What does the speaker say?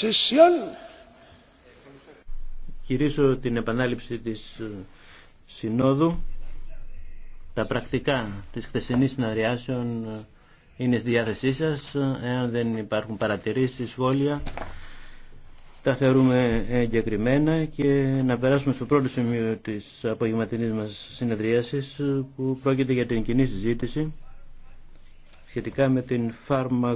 Session. Κυρίσω την επανάληψη της ε, Συνόδου. Τα πρακτικά της χθεσινής συναριάσεων ε, είναι στη διάθεσή σας. Ε, εάν δεν υπάρχουν παρατηρήσεις, σχόλια, τα θεωρούμε εγκεκριμένα και να περάσουμε στο πρώτο σημείο της απογευματινής μας συνεδρίασης που πρόκειται για την κοινή συζήτηση σχετικά με την φάρμα